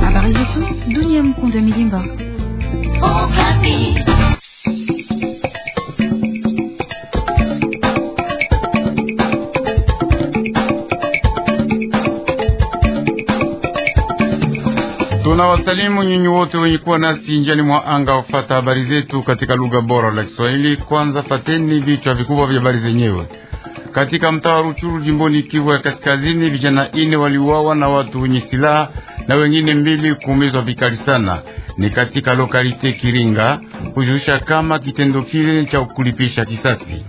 Habari zetu dunia, Mkunda Milimba. Tunawasalimu nyinyi wote wenye kuwa nasi njiani mwa anga wafata habari zetu katika lugha bora la Kiswahili. Kwanza fateni vichwa vikubwa vya habari zenyewe katika mtaa wa Ruchuru jimboni Kivu ya Kaskazini, vijana ine waliuawa na watu wenye silaha na wengine mbili kuumizwa vikali sana, ni katika lokalite Kiringa, kujulisha kama kitendo kile cha kulipisha kisasi.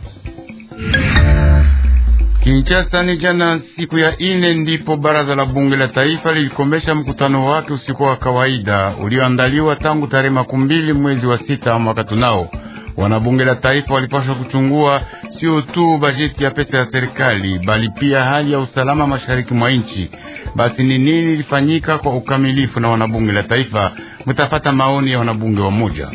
Kinshasa ni jana siku ya ine ndipo baraza la bunge la taifa lilikomesha mkutano wake usiku wa kawaida ulioandaliwa tangu tarehe makumi mbili mwezi wa sita mwaka tunao Wanabunge la taifa walipaswa kuchungua sio tu bajeti ya pesa ya serikali, bali pia hali ya usalama mashariki mwa nchi. Basi ni nini ilifanyika kwa ukamilifu na wanabunge la taifa? mutafata maoni ya wanabunge wa moja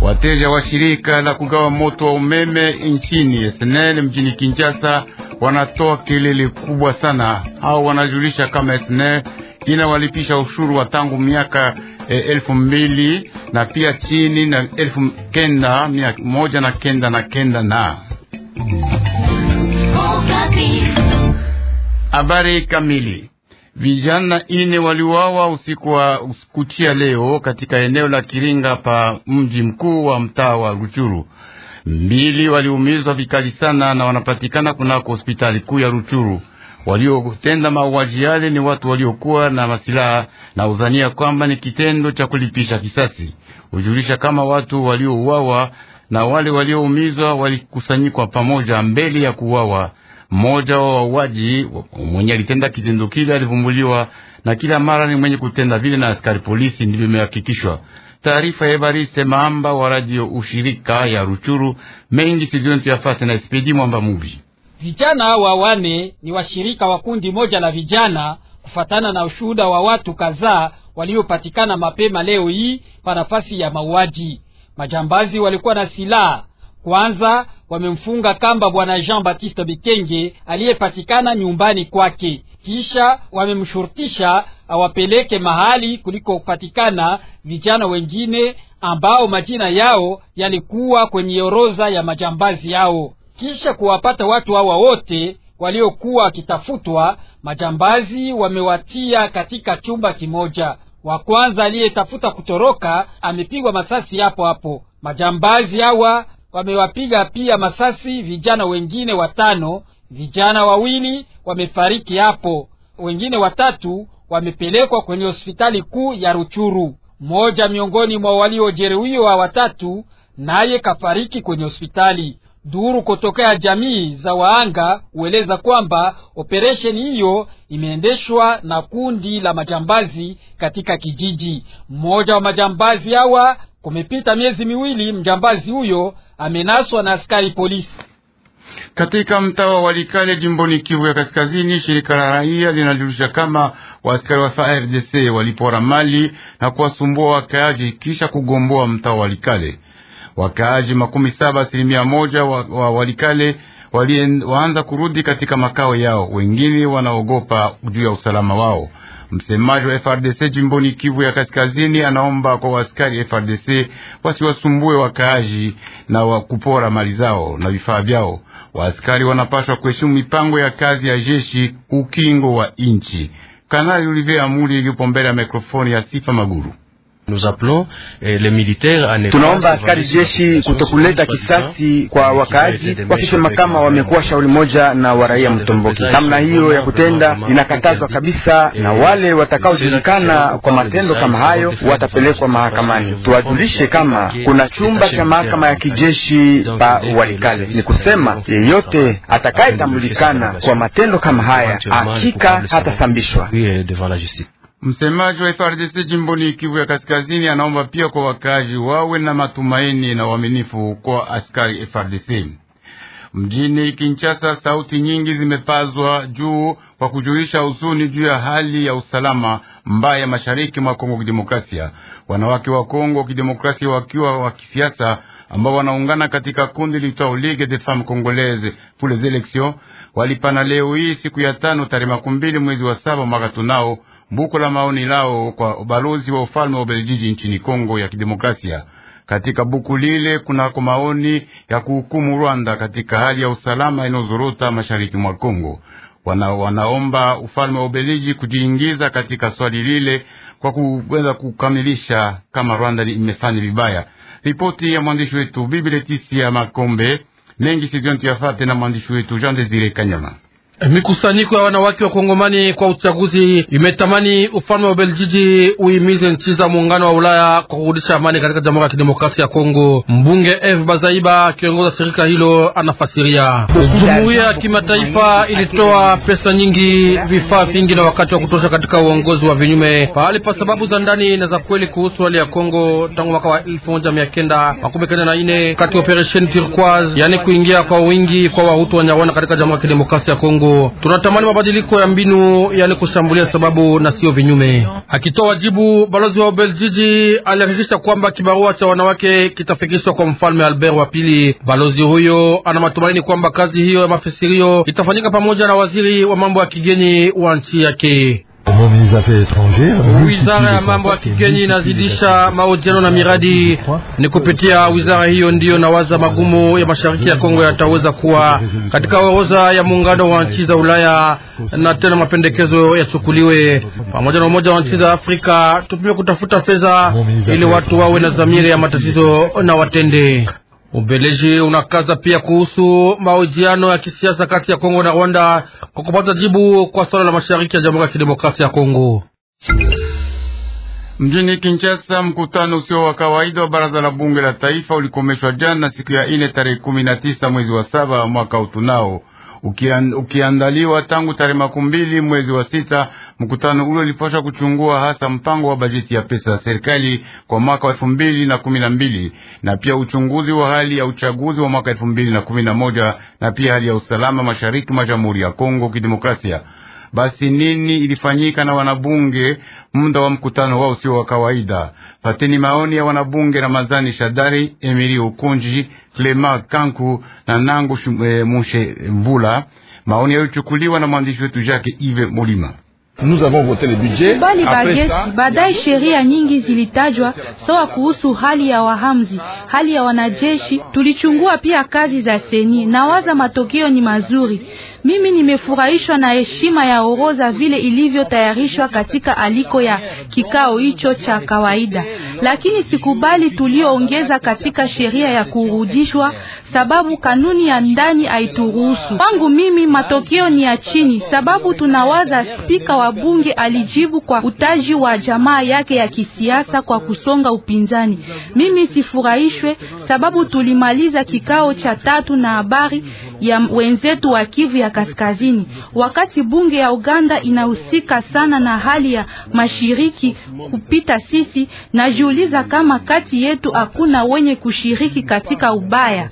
Wateja wa shirika la kugawa moto wa umeme nchini SNEL mjini Kinshasa wanatoa kelele kubwa sana. au wanajulisha kama SNEL inawalipisha ushuru wa tangu miaka eh, elfu mbili na pia chini na elfu kenda mia moja na kenda na kenda na habari kamili. Vijana ine waliuawa usiku wa kuchia leo katika eneo la Kiringa pa mji mkuu wa mtaa wa Ruchuru. Mbili waliumizwa vikali sana na wanapatikana kunako hospitali kuu ya Ruchuru. Waliotenda mauaji yale ni watu waliokuwa na masilaha na uzania kwamba ni kitendo cha kulipisha kisasi. Hujulisha kama watu waliouawa na wale walioumizwa walikusanyikwa pamoja mbele ya kuuawa. Mmoja wa wauaji mwenye alitenda kitendo kile alivumbuliwa na kila mara ni mwenye kutenda vile na askari polisi, ndivyo imehakikishwa. Taarifa ya habari semaamba wa radio ushirika ya Ruchuru mengi sidiontu yafate na spedi mwamba mubi Vijana hawa wane ni washirika wa kundi moja la vijana, kufatana na ushuhuda wa watu kadhaa waliopatikana mapema leo hii pa nafasi ya mauaji. Majambazi walikuwa na silaha. Kwanza wamemfunga kamba bwana Jean Baptiste Bikenge aliyepatikana nyumbani kwake, kisha wamemshurutisha awapeleke mahali kuliko kupatikana vijana wengine ambao majina yao yalikuwa kwenye orodha ya majambazi yao. Kisha kuwapata watu hawa wote waliokuwa wakitafutwa, majambazi wamewatia katika chumba kimoja. Wa kwanza aliyetafuta kutoroka amepigwa masasi hapo hapo. Majambazi hawa wamewapiga pia masasi vijana wengine watano. Vijana wawili wamefariki hapo, wengine watatu wamepelekwa kwenye hospitali kuu ya Ruchuru. Mmoja miongoni mwa waliojeruhiwa watatu naye kafariki kwenye hospitali. Duru kutokea jamii za waanga hueleza kwamba operesheni hiyo imeendeshwa na kundi la majambazi katika kijiji mmoja. Wa majambazi hawa, kumepita miezi miwili, mjambazi huyo amenaswa na askari polisi katika mtaa wa Walikale jimboni Kivu ya Kaskazini, shirika la raia linajulisha kama waaskari wa FARDC walipora mali na kuwasumbua wakaaji kisha kugomboa mtaa wa Walikale. Wakaaji makumi saba asilimia moja wa, wa Walikale wali, waanza kurudi katika makao yao, wengine wanaogopa juu ya usalama wao. Msemaji wa FRDC jimboni Kivu ya Kaskazini anaomba kwa waaskari FRDC wasiwasumbue wakaaji na wakupora mali zao na vifaa vyao. Waaskari wanapaswa kuheshimu mipango ya kazi ya jeshi ukingo wa nchi Kanali Olivier Amuri yupo mbele ya mikrofoni ya Sifa Maguru. Tunaomba askari jeshi kutokuleta kisasi kwa wakaaji, wakisema kama wamekuwa shauri moja na waraia mtomboki. Namna hiyo ya kutenda inakatazwa kabisa, na wale watakaojulikana kwa matendo kama hayo watapelekwa mahakamani. Tuwajulishe kama kuna chumba cha mahakama ya kijeshi pa Walikale. Ni kusema yeyote atakayetambulikana kwa matendo kama haya hakika hatasambishwa. Msemaji wa frdc jimboni Kivu ya Kaskazini anaomba pia kwa wakazi wawe na matumaini na uaminifu kwa askari frdc Mjini Kinshasa, sauti nyingi zimepazwa juu kwa kujulisha huzuni juu ya hali ya usalama mbaya mashariki mwa Kongo Kidemokrasia. Wanawake wa Kongo Kidemokrasia wakiwa wa kisiasa ambao wanaungana katika kundi litwao Ligue des Femmes Congolaises pour les Elections walipana leo hii siku ya tano tarehe makumi mbili mwezi wa saba mwaka tunao buku la maoni lao kwa ubalozi wa ufalme wa Ubelgiji nchini Kongo ya Kidemokrasia. Katika buku lile kunako maoni ya kuhukumu Rwanda katika hali ya usalama inayozorota mashariki mwa Kongo. Wana, wanaomba ufalme wa Ubelgiji kujiingiza katika swali lile kwa kuweza kukamilisha kama Rwanda imefanya vibaya. Ripoti ya mwandishi wetu Bibi Leticia Makombe mengi sidionti yafate na mwandishi wetu Jean Desire Kanyama. Mikusanyiko ya wanawake wa Kongomani kwa uchaguzi imetamani ufalme wa Beljiji uimize nchi za muungano wa Ulaya kwa kurudisha amani katika Jamhuri ya Kidemokrasia ya Kongo. Mbunge F Bazaiba akiongoza shirika hilo anafasiria. Jumuiya ya kimataifa ilitoa pesa nyingi, vifaa vingi na wakati wa kutosha katika uongozi wa vinyume pahali pa sababu za ndani na za kweli kuhusu hali ya Kongo tangu mwaka wa elfu nne kati operesheni Turquoise, yani kuingia kwa wingi kwa Wahutu wa Nyarwanda katika Jamhuri ya Kidemokrasia ya Kongo. Tunatamani mabadiliko ya mbinu yale kushambulia sababu na sio vinyume. Akitoa wajibu, balozi wa Ubeljiji alihakikisha kwamba kibarua cha wanawake kitafikishwa kwa mfalme Albert wa pili. Balozi huyo ana matumaini kwamba kazi hiyo ya mafisirio itafanyika pamoja na waziri wa mambo ya kigeni wa nchi yake. Wizara ya mambo ya kigeni inazidisha mahojiano na miradi. Ni kupitia wizara hiyo ndiyo nawaza magumu ya mashariki ya Kongo yataweza kuwa katika orodha ya muungano wa nchi za Ulaya, na tena mapendekezo yachukuliwe pamoja na umoja wa nchi za Afrika. Tupime kutafuta fedha ili watu wawe na dhamira ya matatizo na watende Ubeleji unakaza pia kuhusu mahojiano ya kisiasa kati ya Kongo na Rwanda kwa kupata jibu kwa swala la mashariki ya Jamhuri ya Kidemokrasia ya Kongo. Mjini Kinshasa, mkutano usio wa kawaida wa baraza la bunge la taifa ulikomeshwa jana siku ya ine tarehe kumi na tisa mwezi wa saba mwaka utunao ukian, ukiandaliwa tangu tarehe makumi mbili mwezi wa sita. Mkutano ule ulipashwa kuchungua hasa mpango wa bajeti ya pesa ya serikali kwa mwaka wa elfu mbili na kumi na mbili na pia uchunguzi wa hali ya uchaguzi wa mwaka elfu mbili na kumi na moja na pia hali ya usalama mashariki mwa Jamhuri ya Kongo Kidemokrasia. Basi nini ilifanyika na wanabunge muda wa mkutano wao usio wa kawaida? Pateni maoni ya wanabunge Ramazani Shadari, Emili Ukunji, Clema Kanku na Nangu Mushe Mvula. Maoni yaliyochukuliwa na mwandishi wetu Jake Ive Mulima bali bageti baadaye, sheria nyingi zilitajwa sawa kuhusu hali ya wahamzi, hali ya wanajeshi. Tulichungua pia kazi za seni na waza, matokeo ni mazuri. Mimi nimefurahishwa na heshima ya oroza vile ilivyotayarishwa katika aliko ya kikao hicho cha kawaida lakini sikubali tulioongeza katika sheria ya kurudishwa, sababu kanuni ya ndani haituruhusu. Kwangu mimi matokeo ni ya chini, sababu tunawaza spika wa bunge alijibu kwa utaji wa jamaa yake ya kisiasa kwa kusonga upinzani. Mimi sifurahishwe, sababu tulimaliza kikao cha tatu na habari ya wenzetu wa Kivu ya Kaskazini, wakati bunge ya Uganda inahusika sana na hali ya mashiriki kupita sisi. Najiuliza kama kati yetu hakuna wenye kushiriki katika ubaya.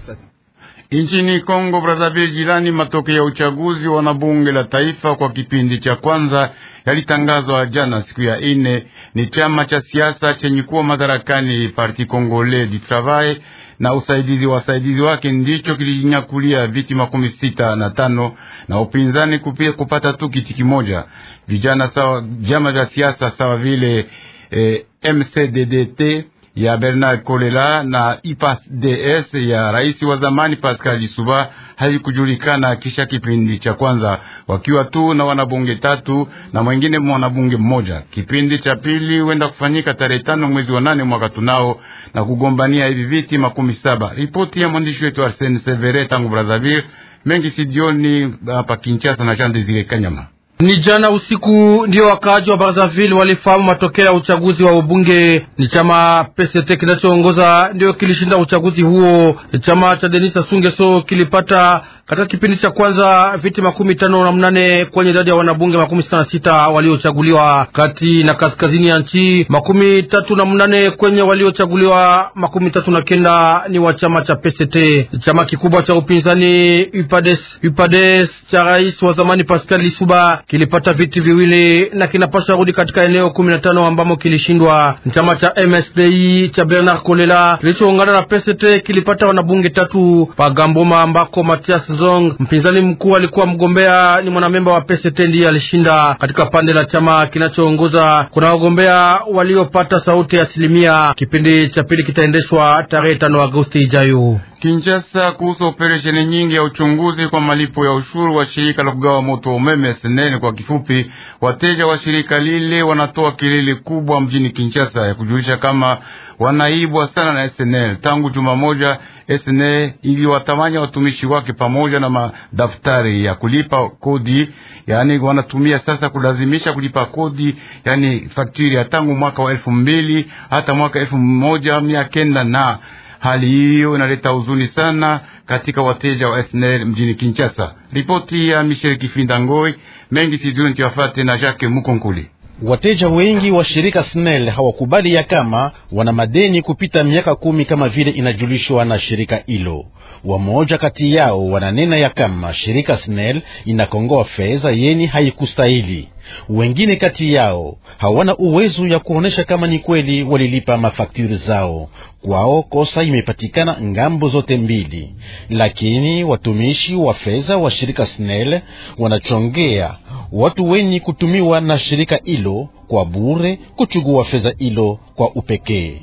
Nchini Kongo Brazzaville jirani, matokeo ya uchaguzi wana bunge la taifa kwa kipindi cha kwanza yalitangazwa jana siku ya ine. Ni chama cha siasa chenye kuwa madarakani Parti Congolais du Travail na usaidizi wa wasaidizi wake ndicho kilinyakulia viti makumi sita na tano na upinzani kupia kupata tu kiti kimoja. Vijana sawa vyama vya siasa sawa vile eh, MCDDT ya Bernard Kolela na IPASDS ya rais wa zamani Pascal Lisuba haikujulikana kisha kipindi cha kwanza, wakiwa tu na wanabunge tatu na mwengine mwanabunge mmoja. Kipindi cha pili huenda kufanyika tarehe tano mwezi wa nane mwaka tunao na kugombania hivi viti makumi saba. Ripoti ya mwandishi wetu Arsene Severe tangu Brazzaville, mengi sidioni hapa Kinshasa na Jean Desire Kanyama. Ni jana usiku ndio wakaaji wa Brazzaville walifahamu matokeo ya uchaguzi wa ubunge. Ni chama PCT kinachoongoza ndio kilishinda uchaguzi huo. Chama cha Denis asungeso kilipata katika kipindi cha kwanza viti makumi tano na mnane kwenye idadi ya wanabunge makumi sita na sita waliochaguliwa kati na kaskazini ya nchi, makumi tatu na mnane kwenye waliochaguliwa makumi tatu na kenda ni wa chama cha PCT, chama kikubwa cha upinzani UPADES. UPADES cha rais wa zamani Pascal Lisuba kilipata viti viwili na kinapaswa rudi katika eneo kumi na tano ambamo kilishindwa. Chama cha MSDI cha Bernard Kolela kilichoungana na PCT kilipata wanabunge tatu Pagamboma ambako Matias Zonzong, mpinzani mkuu alikuwa mgombea ni mwanamemba wa PST ndiye alishinda. Katika pande la chama kinachoongoza kuna wagombea waliopata sauti ya asilimia. Kipindi cha pili kitaendeshwa tarehe 5 Agosti ijayo. Kinshasa kuhusu operesheni nyingi ya uchunguzi kwa malipo ya ushuru wa shirika la kugawa moto wa umeme SNEL kwa kifupi. Wateja wa shirika lile wanatoa kilele kubwa mjini Kinshasa ya kujulisha kama wanaibwa sana na SNEL. Tangu juma moja, SNEL iliwatawanya watumishi wake pamoja na madaftari ya kulipa kodi, yani wanatumia sasa kulazimisha kulipa kodi, yani fakturi ya tangu mwaka wa elfu mbili hata mwaka elfu moja mia kenda na Hali hiyo inaleta huzuni sana katika wateja wa SNL mjini Kinshasa. Ripoti ya Michel Kifinda Ngoi mengi sizuni Tiwafate na Jacques Mukonkuli. Wateja wengi wa shirika SNEL hawakubali ya kama wana madeni kupita miaka kumi kama vile inajulishwa na shirika hilo. Wamoja kati yao wananena ya kama shirika SNEL inakongoa fedha yeni haikustahili. Wengine kati yao hawana uwezo ya kuonesha kama ni kweli walilipa mafakturi zao. Kwao kosa imepatikana ngambo zote mbili, lakini watumishi wa fedha wa shirika SNEL wanachongea watu wenye kutumiwa na shirika hilo kwa bure kuchugua fedha hilo kwa upekee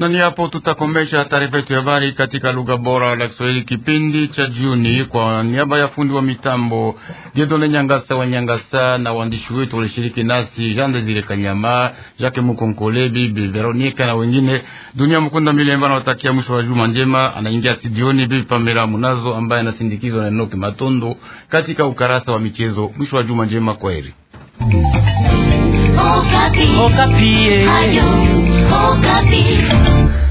na ni hapo tutakomesha taarifa yetu ya habari katika lugha bora la Kiswahili kipindi cha jioni. Kwa niaba ya fundi wa mitambo Jedone Nyangasa wa Nyangasa na waandishi wetu walishiriki nasi Jande Zile Kanyama, Jacques Mukonkole, Bibi Veronica na wengine, Dunia Mkunda Milemba nawatakia mwisho wa juma njema. Anaingia studioni Bibi Pamela Munazo ambaye anasindikizwa na Enoki Matondo katika ukarasa wa michezo. Mwisho wa juma njema, kwaheri. Oh,